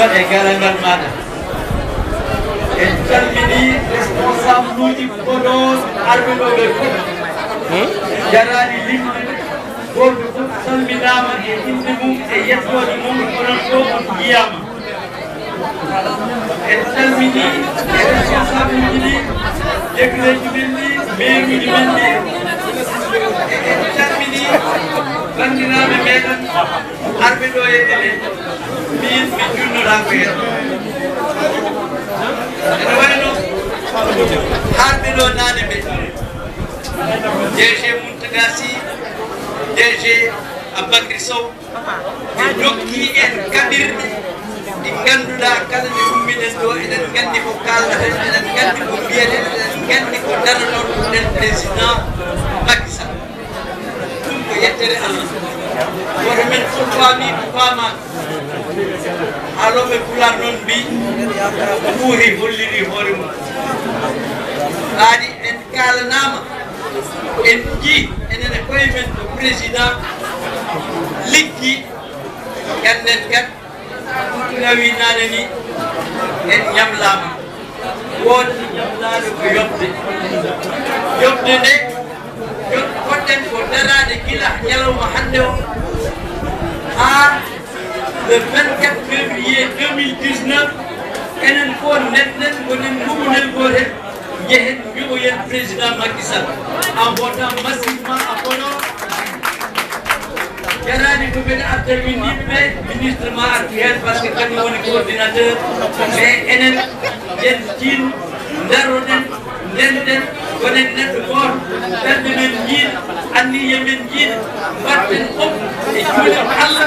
नंबर ग्यारह नंबर माना termini responsável de Bonos Arbelobeko. Yara Lilim, Gordo Salminama, Indimum, Eyetwa Limum, Bonosko, Guiama. El termini responsável de Decretibility, Meio de Mandi. El termini Bandiname Medan, Arbeloe Eleto. min mi junnoɗanko hen ene wayno harɓe ɗo naane ɓe dg muntagasi dg abbacry sow ɓe jokki en kaɓirɗe ɗi ngannduɗa kala ne ummiɗen ɗo eɗen nganndi ko kalnaten eɗen nganndi ko mbiyeten eɗen nganndi ko daranon ɗen président makisa ɗum ko yettere allah woto min fo faami ko faamaɓe alome pular noon mbi ɓuuri hollini hoore mum laaɗi en kalanama en ji enene koye men no président liggi ganden kat ɗawi nane ni en ñamlama wooti ñamlaɗo ko yoɓde yoɓde nde yo koɗɗen ko darade gila ñalawma hande o le 24 février 2019 enen fof netnen wonen gumunen gotel yehen wi'oyen président makisal en votant massivement à kono jarani ko mbeɗa arta min yimɓe ministre ma arti hen par ce que kañum woni coordinateur mais enen yen tin daroɗen ndenden konen neɗɗo goto ɓerde men jiiɗa anniye men jiiɗa mbatten fof e juuɗe allah